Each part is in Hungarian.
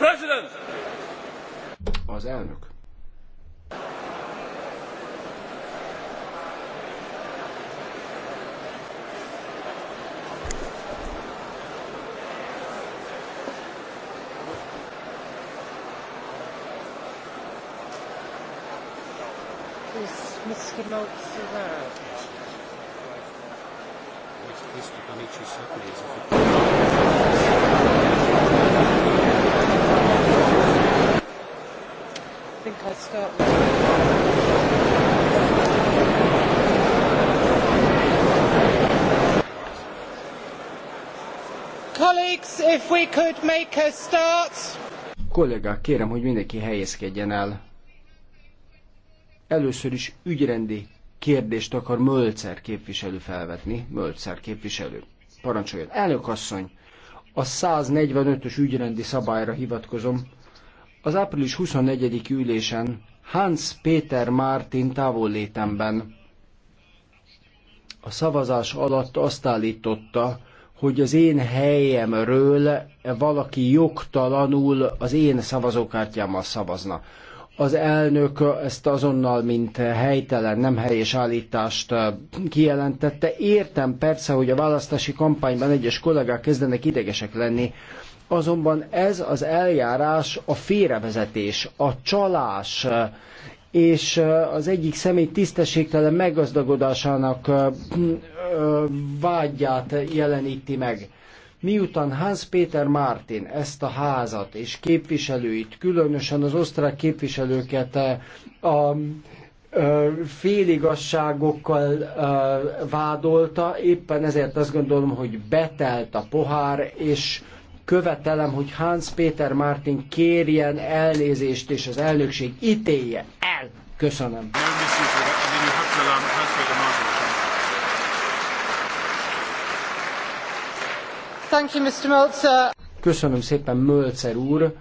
President! Az elnök. Is Mr. Maltz allowed? Mr. Bonici certainly is. start Colleagues, if we could make a start. Kollégák, kérem, hogy mindenki helyezkedjen el. Először is ügyrendi kérdést akar Mölcer képviselő felvetni. Mölcer képviselő. Parancsoljon. Elnök asszony, a 145-ös ügyrendi szabályra hivatkozom az április 24. ülésen Hans Péter Mártin távollétemben a szavazás alatt azt állította, hogy az én helyemről valaki jogtalanul az én szavazókártyámmal szavazna. Az elnök ezt azonnal, mint helytelen, nem helyes állítást kijelentette. Értem persze, hogy a választási kampányban egyes kollégák kezdenek idegesek lenni, Azonban ez az eljárás a félrevezetés, a csalás és az egyik személy tisztességtelen meggazdagodásának vágyát jeleníti meg. Miután Hans Péter Martin ezt a házat és képviselőit, különösen az osztrák képviselőket a féligasságokkal vádolta, éppen ezért azt gondolom, hogy betelt a pohár, és követelem, hogy Hans Peter Martin kérjen elnézést, és az elnökség ítélje el. Köszönöm. Köszönöm szépen, Mölcer úr.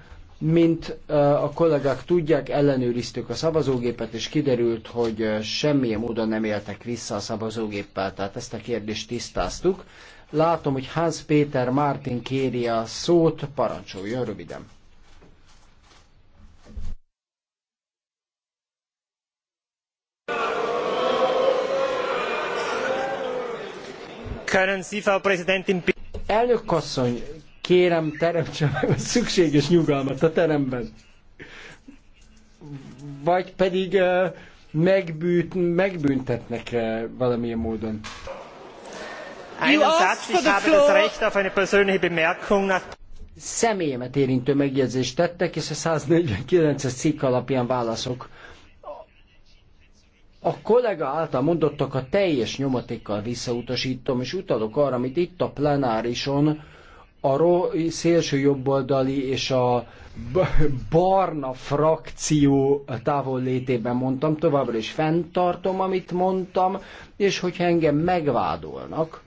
Mint eh, a kollégák tudják, ellenőriztük a szavazógépet, és kiderült, hogy eh, semmilyen módon nem éltek vissza a szavazógéppel, tehát ezt a kérdést tisztáztuk. Látom, hogy Hans Péter Martin kéri a szót, parancsoljon röviden. Elnök asszony, kérem, teremtse meg a szükséges nyugalmat a teremben. Vagy pedig eh, megbűt, megbüntetnek valamilyen módon személyemet érintő megjegyzést tettek, és a 149-es cikk alapján válaszok. A kollega által mondottakat teljes nyomatékkal visszautasítom, és utalok arra, amit itt a plenárison a szélső jobboldali és a barna frakció távol létében mondtam, továbbra is fenntartom, amit mondtam, és hogyha engem megvádolnak,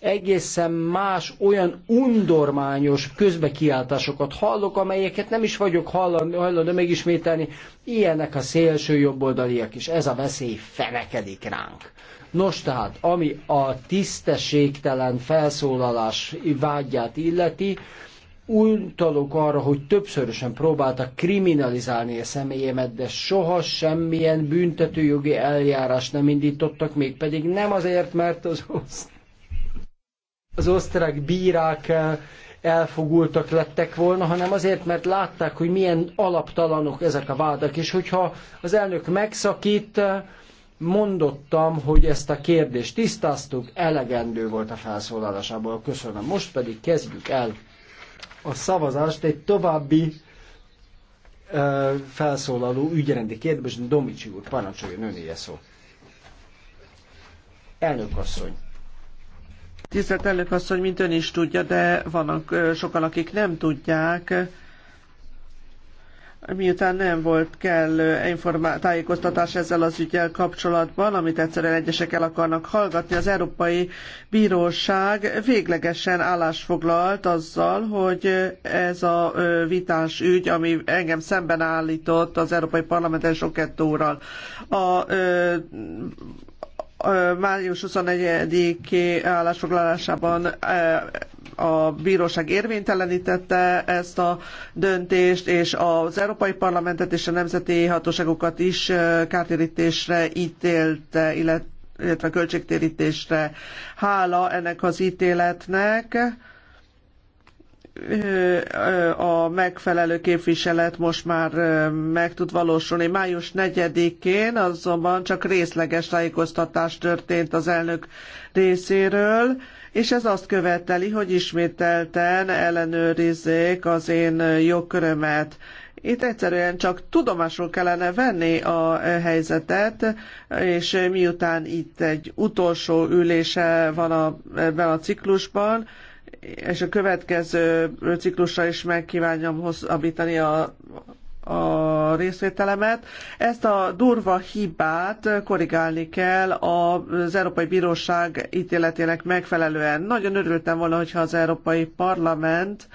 egészen más olyan undormányos közbekiáltásokat hallok, amelyeket nem is vagyok hajlandó megismételni. Ilyenek a szélső jobboldaliak is. Ez a veszély fenekedik ránk. Nos tehát, ami a tisztességtelen felszólalás vágyát illeti, utalok arra, hogy többszörösen próbáltak kriminalizálni a személyemet, de soha semmilyen büntetőjogi eljárás nem indítottak, mégpedig nem azért, mert az az osztrák bírák eh, elfogultak lettek volna, hanem azért, mert látták, hogy milyen alaptalanok ezek a vádak. És hogyha az elnök megszakít, eh, mondottam, hogy ezt a kérdést tisztáztuk, elegendő volt a felszólalásából. Köszönöm. Most pedig kezdjük el a szavazást egy további ö, eh, felszólaló ügyrendi kérdésben. Domicsi úr, parancsoljon, önéje szó. Elnök asszony. Tisztelt elnök asszony, mint ön is tudja, de vannak sokan, akik nem tudják, miután nem volt kellő tájékoztatás ezzel az ügyel kapcsolatban, amit egyszerűen egyesek el akarnak hallgatni, az Európai Bíróság véglegesen állásfoglalt azzal, hogy ez a vitás ügy, ami engem szemben állított az Európai Parlament sok órral, a május 21-i állásfoglalásában a bíróság érvénytelenítette ezt a döntést, és az Európai Parlamentet és a nemzeti hatóságokat is kártérítésre ítélte, illetve költségtérítésre. Hála ennek az ítéletnek a megfelelő képviselet most már meg tud valósulni. Május 4-én azonban csak részleges tájékoztatás történt az elnök részéről, és ez azt követeli, hogy ismételten ellenőrizzék az én jogkörömet. Itt egyszerűen csak tudomásul kellene venni a helyzetet, és miután itt egy utolsó ülése van a, ebben a ciklusban, és a következő ciklusra is megkívánjam hosszabbítani a, a részvételemet. Ezt a durva hibát korrigálni kell az Európai Bíróság ítéletének megfelelően. Nagyon örültem volna, hogyha az Európai Parlament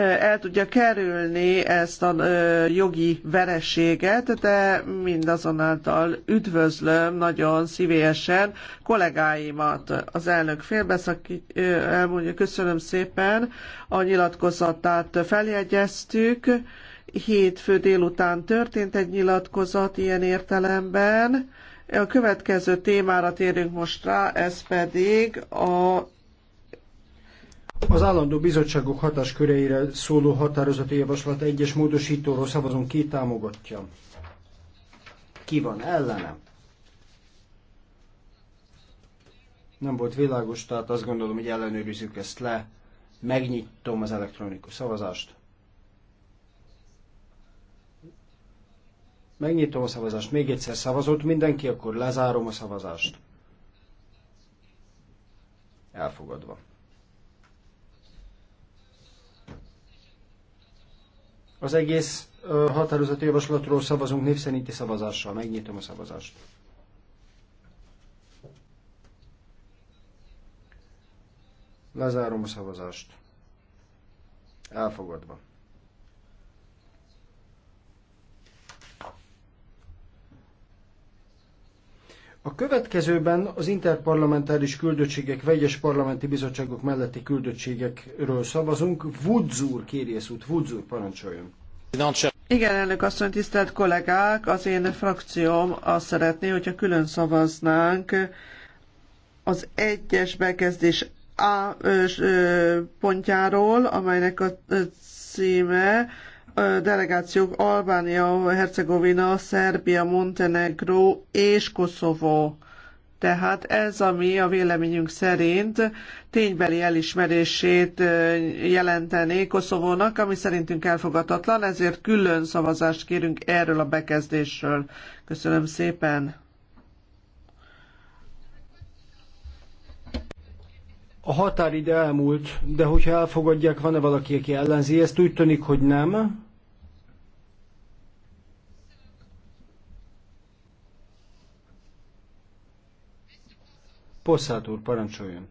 el tudja kerülni ezt a jogi vereséget, de mindazonáltal üdvözlöm nagyon szívélyesen kollégáimat. Az elnök félbeszakít, elmondja, köszönöm szépen, a nyilatkozatát feljegyeztük, hétfő délután történt egy nyilatkozat ilyen értelemben, a következő témára térünk most rá, ez pedig a az állandó bizottságok hatásköreire szóló határozati javaslat egyes módosítóról szavazunk ki támogatja. Ki van ellene? Nem volt világos, tehát azt gondolom, hogy ellenőrizzük ezt le. Megnyitom az elektronikus szavazást. Megnyitom a szavazást. Még egyszer szavazott mindenki, akkor lezárom a szavazást. Elfogadva. Az egész határozati javaslatról szavazunk népszerinti szavazással. Megnyitom a szavazást. Lezárom a szavazást. Elfogadva. A következőben az interparlamentáris küldöttségek, vegyes parlamenti bizottságok melletti küldöttségekről szavazunk. Woods úr kérész út, Woods úr parancsoljon. Igen, elnök asszony, tisztelt kollégák, az én frakcióm azt szeretné, hogyha külön szavaznánk az egyes bekezdés A pontjáról, amelynek a címe delegációk Albánia, Hercegovina, Szerbia, Montenegro és Koszovó. Tehát ez, ami a véleményünk szerint ténybeli elismerését jelentené Koszovónak, ami szerintünk elfogadhatatlan, ezért külön szavazást kérünk erről a bekezdésről. Köszönöm szépen! A határ ide elmúlt, de hogyha elfogadják, van-e valaki, aki ellenzi? Ezt úgy tűnik, hogy nem. Posszát úr, parancsoljon.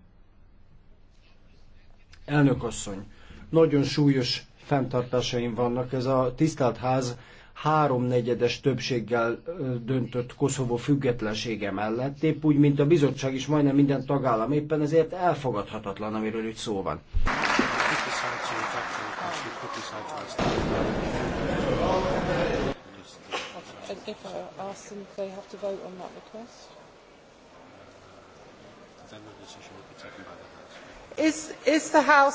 Elnök asszony, nagyon súlyos fenntartásaim vannak. Ez a tisztelt ház háromnegyedes többséggel döntött Koszovó függetlensége mellett, épp úgy, mint a bizottság is majdnem minden tagállam, éppen ezért elfogadhatatlan, amiről itt szó van. I they have to vote on that request? Is, a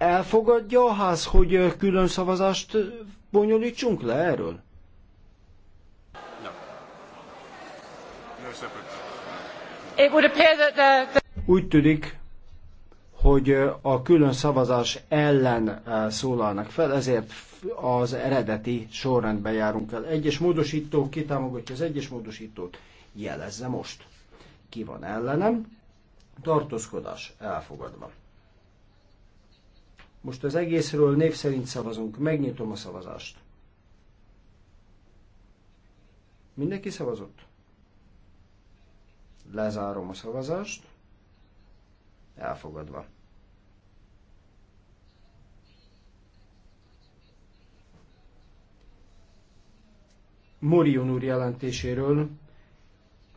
Elfogadja a ház, hogy külön szavazást bonyolítsunk le erről? Úgy tűnik, hogy a külön szavazás ellen szólalnak fel, ezért az eredeti sorrendben járunk el. Egyes módosító, kitámogatja az egyes módosítót? jelezze most. Ki van ellenem? Tartózkodás elfogadva. Most az egészről név szerint szavazunk. Megnyitom a szavazást. Mindenki szavazott? Lezárom a szavazást. Elfogadva. Morion úr jelentéséről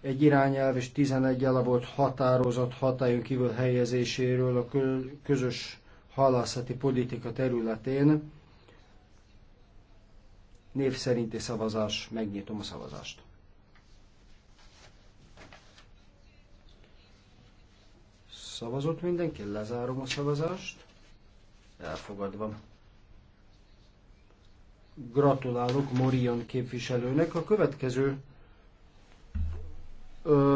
egy irányelv és 11 elavolt határozat hatályon kívül helyezéséről a közös halászati politika területén. Név szerinti szavazás, megnyitom a szavazást. Szavazott mindenki, lezárom a szavazást. Elfogadva. Gratulálok Morion képviselőnek. A következő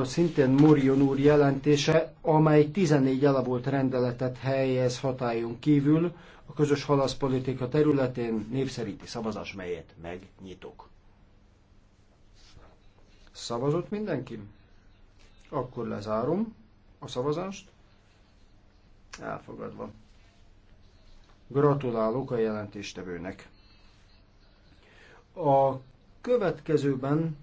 szintén Murion úr jelentése, amely 14 elavult rendeletet helyez hatályon kívül a közös halaszpolitika területén népszerinti szavazás, melyet megnyitok. Szavazott mindenki? Akkor lezárom a szavazást. Elfogadva. Gratulálok a jelentéstevőnek. A következőben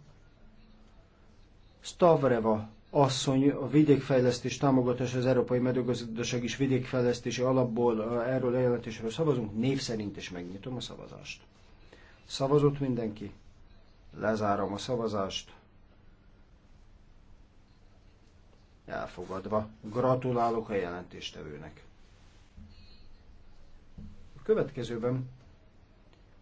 Stavreva asszony a vidékfejlesztés támogatása az Európai Medőgazdaság és Vidékfejlesztési Alapból erről a szavazunk, név szerint is megnyitom a szavazást. Szavazott mindenki? Lezárom a szavazást. Elfogadva. Gratulálok a jelentéstevőnek. A következőben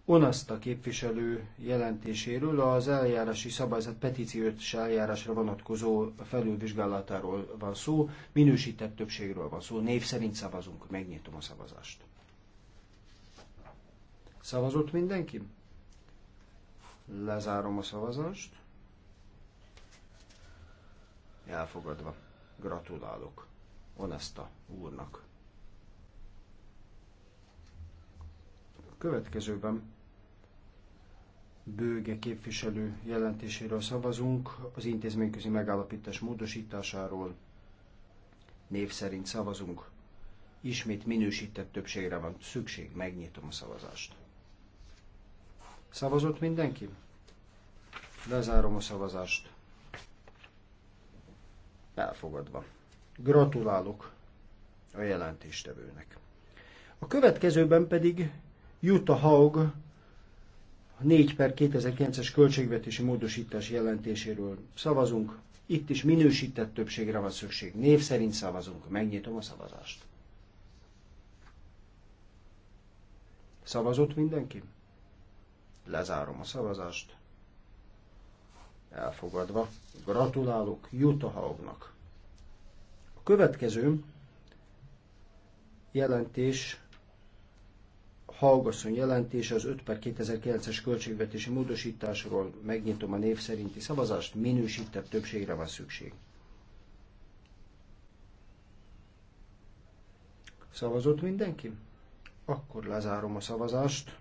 Onaszta képviselő jelentéséről az eljárási szabályzat petíciós eljárásra vonatkozó felülvizsgálatáról van szó, minősített többségről van szó, név szerint szavazunk, megnyitom a szavazást. Szavazott mindenki? Lezárom a szavazást. Elfogadva. Gratulálok Onesta úrnak. következőben bőge képviselő jelentéséről szavazunk, az intézményközi megállapítás módosításáról név szerint szavazunk. Ismét minősített többségre van szükség, megnyitom a szavazást. Szavazott mindenki? Lezárom a szavazást. Elfogadva. Gratulálok a jelentéstevőnek. A következőben pedig Jutta Haug 4 per 2009-es költségvetési módosítás jelentéséről szavazunk. Itt is minősített többségre van szükség. Név szerint szavazunk. Megnyitom a szavazást. Szavazott mindenki? Lezárom a szavazást. Elfogadva. Gratulálok Jutta Haugnak. A következő jelentés Hallgasszony jelentése az 5 per 2009-es költségvetési módosításról, megnyitom a név szerinti szavazást, minősített többségre van szükség. Szavazott mindenki? Akkor lezárom a szavazást.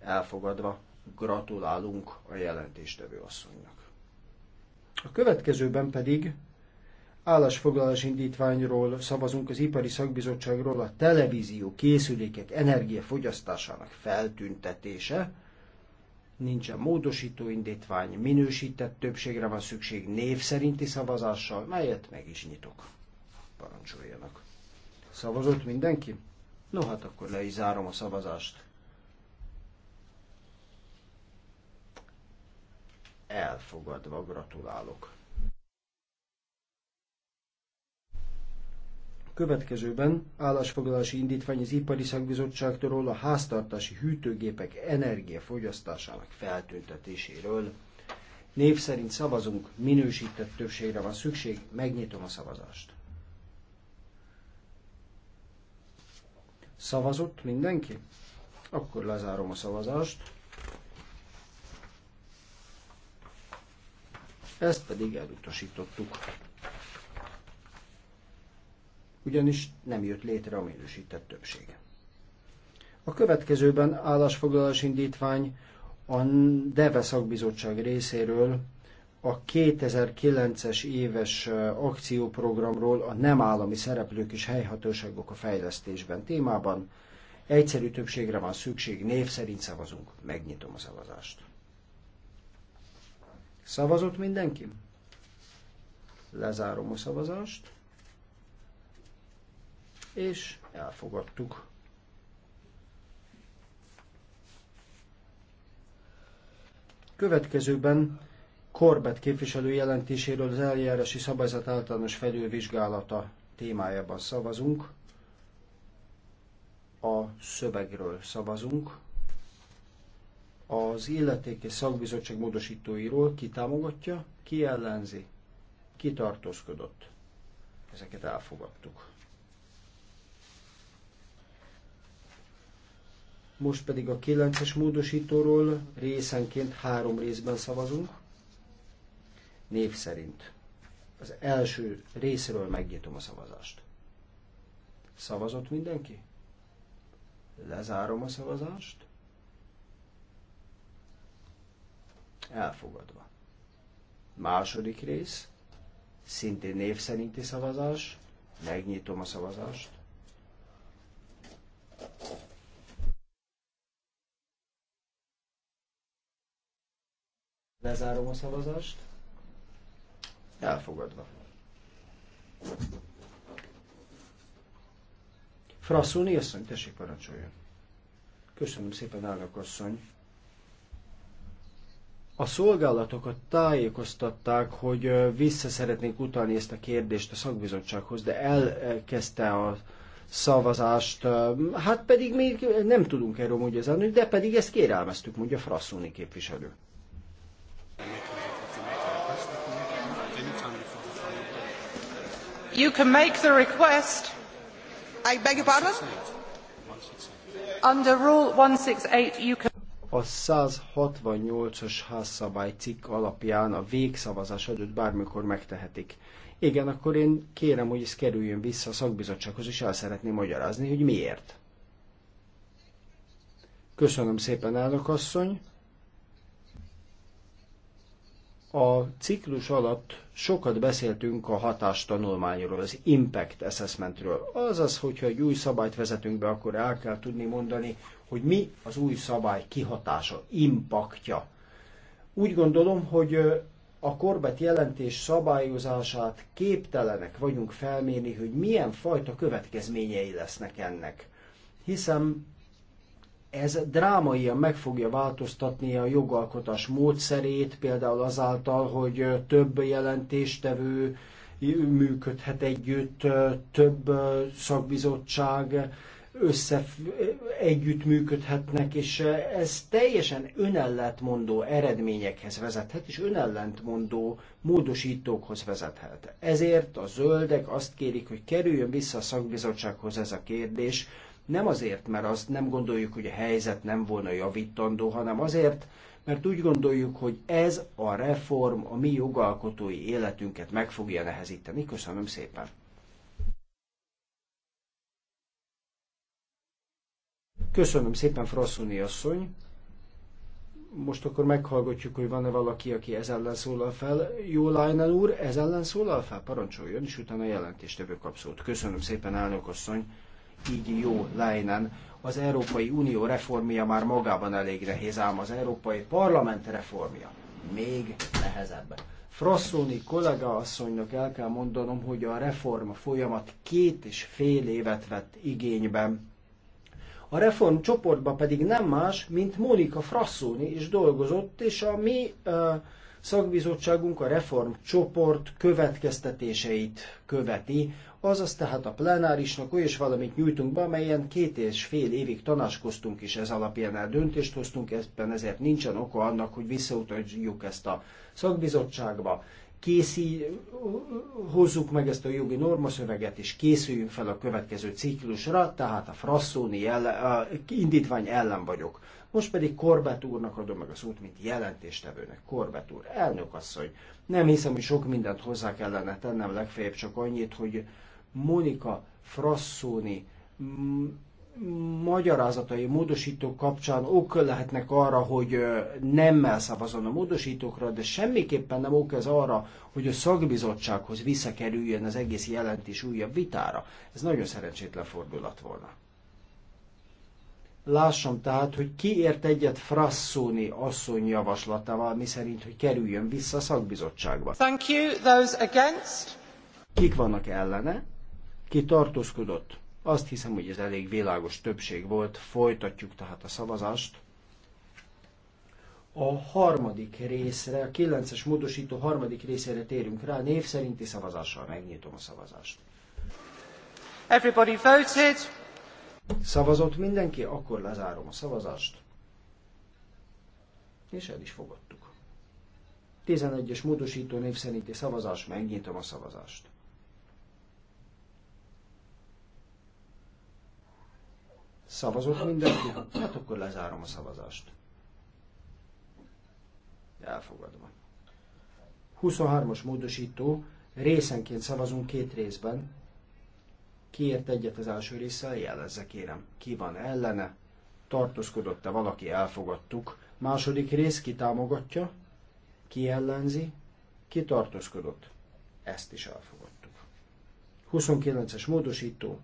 Elfogadva gratulálunk a jelentéstevő asszonynak. A következőben pedig állásfoglalás indítványról szavazunk az Ipari Szakbizottságról a televízió készülékek energiafogyasztásának feltüntetése. Nincsen módosító indítvány, minősített többségre van szükség név szerinti szavazással, melyet meg is nyitok. Parancsoljanak. Szavazott mindenki? No hát akkor le is zárom a szavazást. Elfogadva gratulálok. Következőben állásfoglalási indítvány az Ipari Szakbizottságtól a háztartási hűtőgépek energiafogyasztásának feltüntetéséről. Név szerint szavazunk, minősített többségre van szükség, megnyitom a szavazást. Szavazott mindenki? Akkor lezárom a szavazást. Ezt pedig elutasítottuk ugyanis nem jött létre a minősített többség. A következőben állásfoglalás indítvány a DEVE szakbizottság részéről a 2009-es éves eh, akcióprogramról a nem állami szereplők és helyhatóságok a fejlesztésben témában. Egyszerű többségre van szükség, név szerint szavazunk. Megnyitom a szavazást. Szavazott mindenki? Lezárom a szavazást és elfogadtuk. Következőben Korbet képviselő jelentéséről az eljárási szabályzat általános felülvizsgálata témájában szavazunk. A szövegről szavazunk. Az illetékes szakbizottság módosítóiról ki támogatja, ki ellenzi, ki tartózkodott. Ezeket elfogadtuk. Most pedig a 9-es módosítóról részenként három részben szavazunk, név szerint. Az első részről megnyitom a szavazást. Szavazott mindenki? Lezárom a szavazást. Elfogadva. Második rész, szintén név szerinti szavazás, megnyitom a szavazást. Lezárom a szavazást. Elfogadva. Frasszulni asszony, tessék parancsoljon. Köszönöm szépen, állnak asszony. A szolgálatokat tájékoztatták, hogy vissza szeretnék utalni ezt a kérdést a szakbizottsághoz, de elkezdte a szavazást, hát pedig még nem tudunk erről mondja az de pedig ezt kérelmeztük, mondja Frasszóni képviselő. you can make the request. I beg your pardon? Under rule 168 you can a 168-as házszabály cikk alapján a végszavazás előtt bármikor megtehetik. Igen, akkor én kérem, hogy ez kerüljön vissza a szakbizottsághoz, és el szeretném magyarázni, hogy miért. Köszönöm szépen, elnök asszony! A ciklus alatt sokat beszéltünk a hatástanulmányról, az impact assessmentről. Azaz, hogyha egy új szabályt vezetünk be, akkor el kell tudni mondani, hogy mi az új szabály kihatása, impactja. Úgy gondolom, hogy a korbet jelentés szabályozását képtelenek vagyunk felmérni, hogy milyen fajta következményei lesznek ennek. Hiszen ez drámaian meg fogja változtatni a jogalkotás módszerét, például azáltal, hogy több jelentéstevő működhet együtt, több szakbizottság össze együtt működhetnek, és ez teljesen önellentmondó eredményekhez vezethet, és önellentmondó módosítókhoz vezethet. Ezért a zöldek azt kérik, hogy kerüljön vissza a szakbizottsághoz ez a kérdés, nem azért, mert azt nem gondoljuk, hogy a helyzet nem volna javítandó, hanem azért, mert úgy gondoljuk, hogy ez a reform a mi jogalkotói életünket meg fogja nehezíteni. Köszönöm szépen! Köszönöm szépen, Frasszoni asszony! Most akkor meghallgatjuk, hogy van-e valaki, aki ez ellen szólal fel. Jó, Lionel úr, ez ellen szólal fel? Parancsoljon, és utána a jelentéstevő kap szót. Köszönöm szépen, elnök asszony! így jó lejnen. Az Európai Unió reformja már magában elég nehéz, ám az Európai Parlament reformja még nehezebb. Frosszóni kollega asszonynak el kell mondanom, hogy a reform folyamat két és fél évet vett igényben. A reform csoportban pedig nem más, mint Mónika Frasszóni is dolgozott, és a mi uh, Szakbizottságunk a reformcsoport következtetéseit követi, azaz tehát a plenárisnak olyas valamit nyújtunk be, amelyen két és fél évig tanácskoztunk is, ez alapján el döntést hoztunk, ebben ezért nincsen oka annak, hogy visszautaljuk ezt a szakbizottságba, Készí, hozzuk meg ezt a jogi normaszöveget, és készüljünk fel a következő ciklusra, tehát a frasszóni ellen, a indítvány ellen vagyok. Most pedig Korbett úrnak adom meg a szót, mint jelentéstevőnek. Korbett úr, elnök asszony. Nem hiszem, hogy sok mindent hozzá kellene tennem, legfeljebb csak annyit, hogy Monika Frasszóni magyarázatai módosítók kapcsán ok lehetnek arra, hogy nemmel szavazon a módosítókra, de semmiképpen nem ok ez arra, hogy a szakbizottsághoz visszakerüljön az egész jelentés újabb vitára. Ez nagyon szerencsétlen fordulat volna. Lássam tehát, hogy ki ért egyet Frassoni asszony javaslatával, miszerint, hogy kerüljön vissza a szakbizottságba. Thank you. Those against? Kik vannak ellene? Ki tartózkodott? Azt hiszem, hogy ez elég világos többség volt. Folytatjuk tehát a szavazást. A harmadik részre, a kilences módosító harmadik részére térünk rá, név szerinti szavazással megnyitom a szavazást. Everybody voted. Szavazott mindenki, akkor lezárom a szavazást. És el is fogadtuk. 11-es módosító név szerinti szavazás, megnyitom a szavazást. Szavazott mindenki? Hát akkor lezárom a szavazást. Elfogadva. 23-as módosító, részenként szavazunk két részben, kiért egyet az első része, jelezze kérem. Ki van ellene? Tartózkodott-e valaki? Elfogadtuk. Második rész ki támogatja? Ki ellenzi? Ki tartózkodott? Ezt is elfogadtuk. 29-es módosító.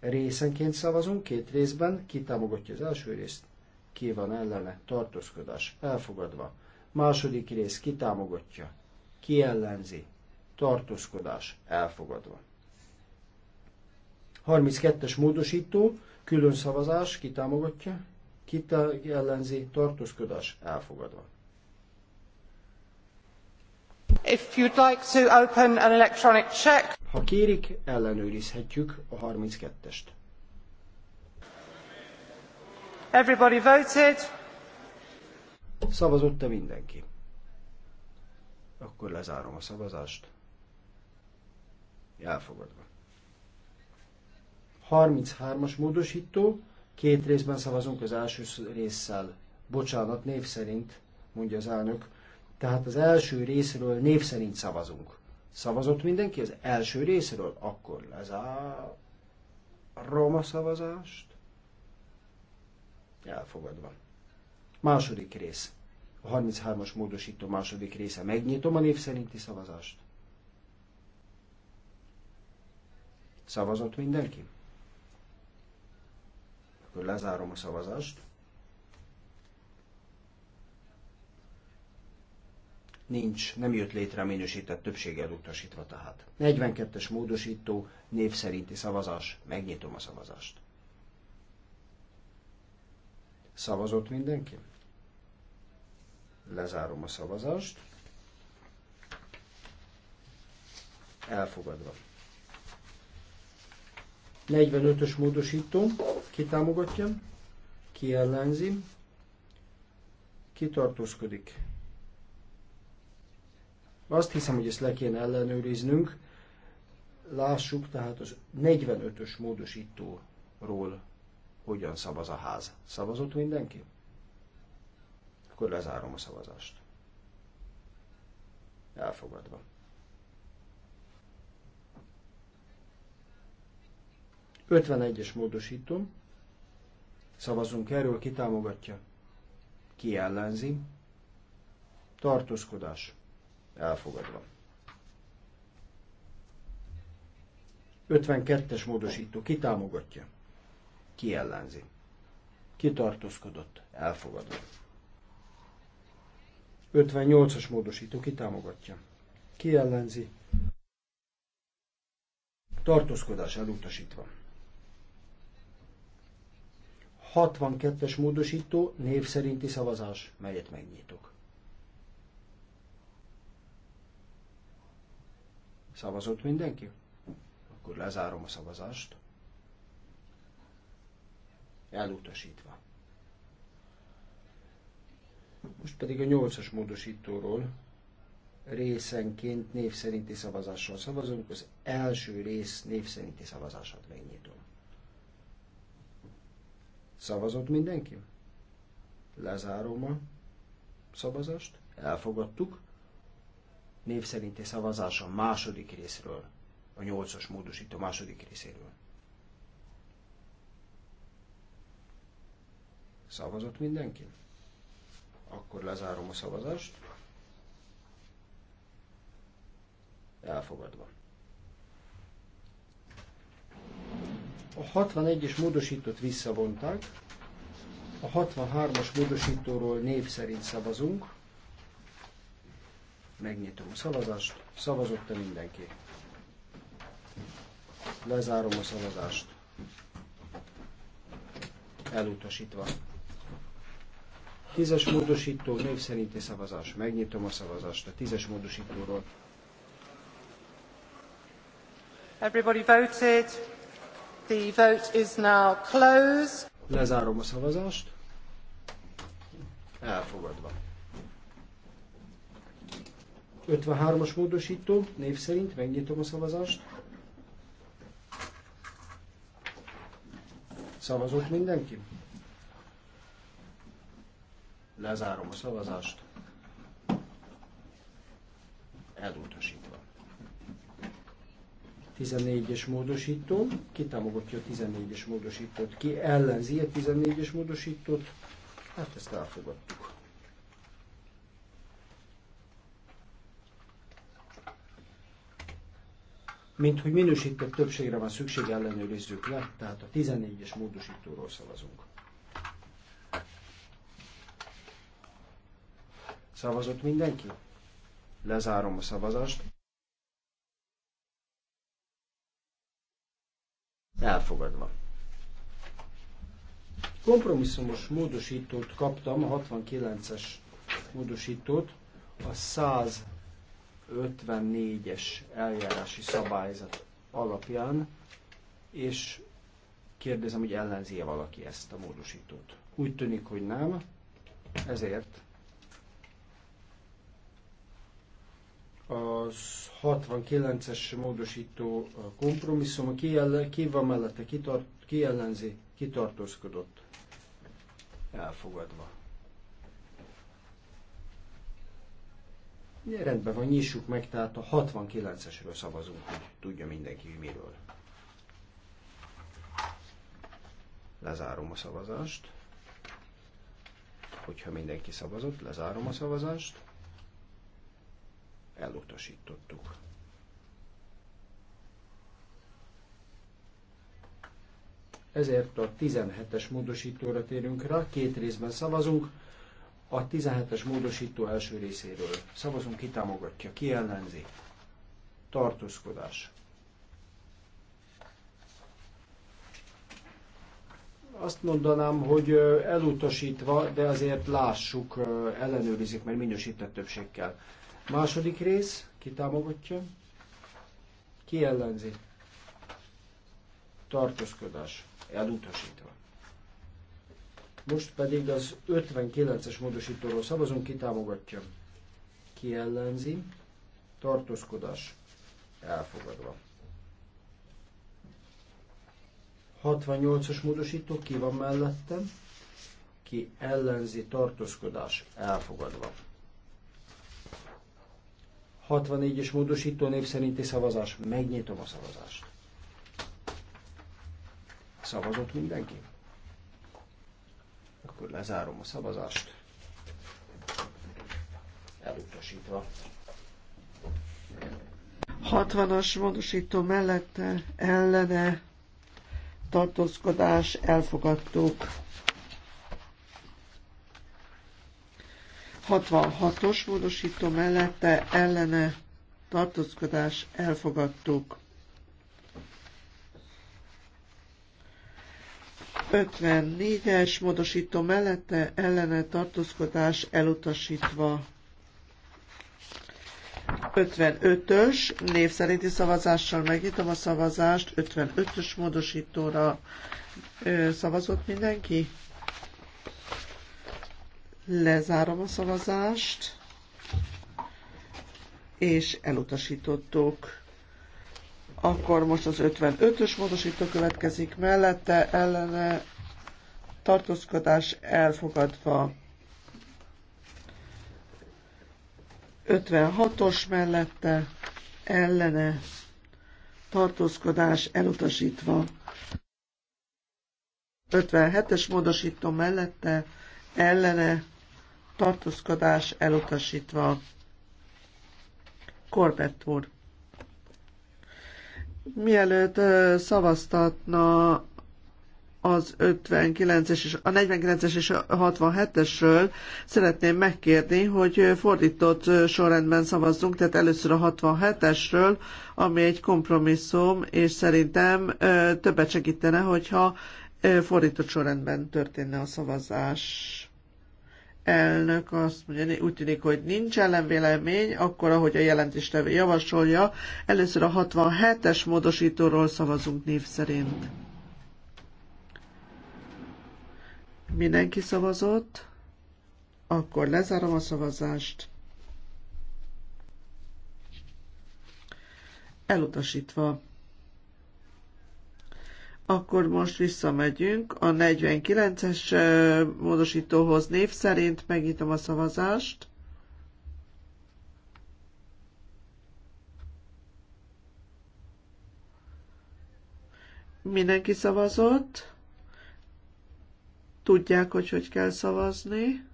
Részenként szavazunk, két részben. Ki támogatja az első részt? Ki van ellene? Tartózkodás. Elfogadva. Második rész ki támogatja? Ki ellenzi? tartózkodás elfogadva. 32-es módosító, külön szavazás, ki támogatja, ki ellenzi, tartózkodás elfogadva. If you'd like to open an electronic check. Ha kérik, ellenőrizhetjük a 32-est. Everybody voted. Szavazott-e mindenki? Akkor lezárom a szavazást. Elfogadva. 33-as módosító, két részben szavazunk az első résszel. Bocsánat, név szerint, mondja az elnök. Tehát az első részről név szerint szavazunk. Szavazott mindenki az első részről? Akkor lezár... Roma szavazást? Elfogadva. Második rész. A 33-as módosító második része. Megnyitom a név szerinti szavazást. Szavazott mindenki? Akkor lezárom a szavazást. Nincs, nem jött létre a minősített többség elutasítva tehát. 42-es módosító, név szerinti szavazás, megnyitom a szavazást. Szavazott mindenki? Lezárom a szavazást. Elfogadva. 45-ös módosító, ki támogatja, ki ellenzi, ki tartózkodik. Azt hiszem, hogy ezt le kéne ellenőriznünk. Lássuk tehát az 45-ös módosítóról hogyan szavaz a ház. Szavazott mindenki? Akkor lezárom a szavazást. Elfogadva. 51-es módosítom. Szavazunk erről, ki támogatja, ki ellenzi. Tartózkodás elfogadva. 52-es módosító ki támogatja, ki ellenzi. Ki tartózkodott, elfogadva. 58-as módosító ki támogatja, ki ellenzi. Tartózkodás elutasítva. 62-es módosító név szerinti szavazás, melyet megnyitok. Szavazott mindenki? Akkor lezárom a szavazást. Elutasítva. Most pedig a 8-as módosítóról részenként név szerinti szavazással szavazunk, az első rész név szerinti szavazását megnyitom. Szavazott mindenki? Lezárom a szavazást. Elfogadtuk. Név szerinti szavazás a második részről, a nyolcas módosító második részéről. Szavazott mindenki? Akkor lezárom a szavazást. Elfogadva. A 61-es módosítót visszavonták, a 63-as módosítóról név szerint szavazunk. Megnyitom a szavazást, szavazott -e mindenki? Lezárom a szavazást. Elutasítva. Tízes módosító, név szerinti szavazás. Megnyitom a szavazást a tízes módosítóról. Everybody voted. The vote is now closed. Lezárom a szavazást. Elfogadva. 53-as módosító, név szerint megnyitom a szavazást. Szavazott mindenki? Lezárom a szavazást. Elutasítom. 14-es módosító, ki támogatja a 14-es módosítót, ki ellenzi a 14-es módosítót, hát ezt elfogadtuk. Mint hogy minősített többségre van szükség, ellenőrizzük le, tehát a 14-es módosítóról szavazunk. Szavazott mindenki? Lezárom a szavazást. elfogadva. Kompromisszumos módosítót kaptam, a 69-es módosítót, a 154-es eljárási szabályzat alapján, és kérdezem, hogy ellenzi-e valaki ezt a módosítót. Úgy tűnik, hogy nem, ezért az 69-es módosító kompromisszum, ki, el, ki van mellette, ki, tart, ki ellenzi, ki tartózkodott. Elfogadva. Rendben van, nyissuk meg, tehát a 69-esről szavazunk, hogy tudja mindenki, hogy miről. Lezárom a szavazást. Hogyha mindenki szavazott, lezárom a szavazást elutasítottuk. Ezért a 17-es módosítóra térünk rá, két részben szavazunk. A 17-es módosító első részéről szavazunk, ki támogatja, ki ellenzi. Tartózkodás. azt mondanám, hogy elutasítva, de azért lássuk, ellenőrizik, mert minősített kell. Második rész, ki támogatja, ki ellenzi. Tartózkodás elutasítva. Most pedig az 59-es módosítóról szavazunk, ki támogatja, ki ellenzi. Tartózkodás elfogadva. 68-as módosító ki van mellettem, ki ellenzi tartózkodás elfogadva. 64-es módosító név szerinti szavazás. Megnyitom a szavazást. Szavazott mindenki? Akkor lezárom a szavazást. Elutasítva. 60-as módosító mellette ellene tartózkodás elfogadtuk. 66-os módosító mellette ellene tartózkodás elfogadtuk. 54-es módosító mellette ellene tartózkodás elutasítva. 55-ös név szerinti szavazással megnyitom a szavazást. 55-ös módosítóra szavazott mindenki? Lezárom a szavazást, és elutasítottuk. Akkor most az 55-ös módosító következik mellette, ellene tartózkodás elfogadva. 56-os mellette, ellene tartózkodás elutasítva. 57-es módosító mellette, ellene tartózkodás elutasítva. Korbett úr. Mielőtt szavaztatna az 59-es és a 49-es és a 67-esről szeretném megkérni, hogy fordított sorrendben szavazzunk, tehát először a 67-esről, ami egy kompromisszum, és szerintem többet segítene, hogyha fordított sorrendben történne a szavazás elnök azt mondja, úgy tűnik, hogy nincs ellenvélemény, akkor, ahogy a jelentéstevő javasolja, először a 67-es módosítóról szavazunk név szerint. Mindenki szavazott? Akkor lezárom a szavazást. Elutasítva. Akkor most visszamegyünk a 49-es módosítóhoz név szerint megnyitom a szavazást. Mindenki szavazott. Tudják, hogy hogy kell szavazni.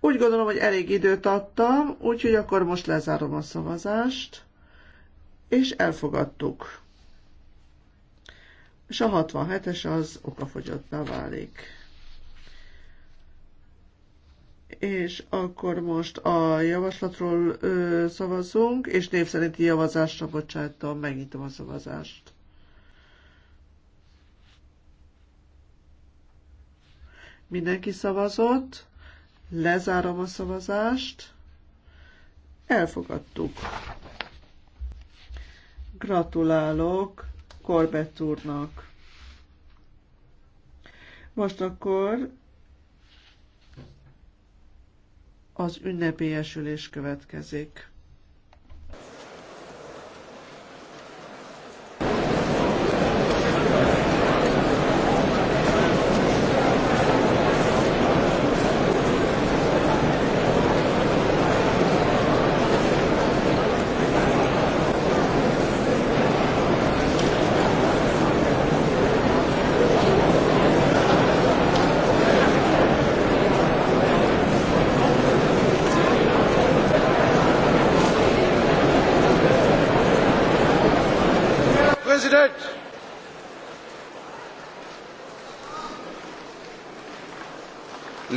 Úgy gondolom, hogy elég időt adtam, úgyhogy akkor most lezárom a szavazást és elfogadtuk. És a 67-es az okafogyottá válik. És akkor most a javaslatról ö, szavazunk, és név szerinti javazásra bocsájtom, megnyitom a szavazást. Mindenki szavazott, lezárom a szavazást, elfogadtuk. Gratulálok Corbett úrnak. Most akkor az ünnepélyesülés következik.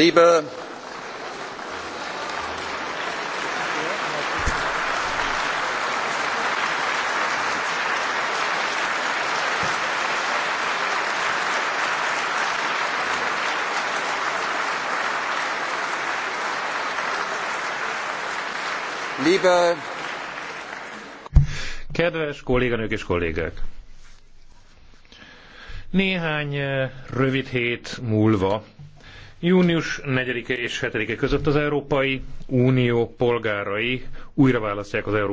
Liebe Liebe Kedves kolléganők és kollégák! Néhány eh, rövid hét múlva Június 4-e és 7-e között az Európai Unió polgárai újra választják az Európai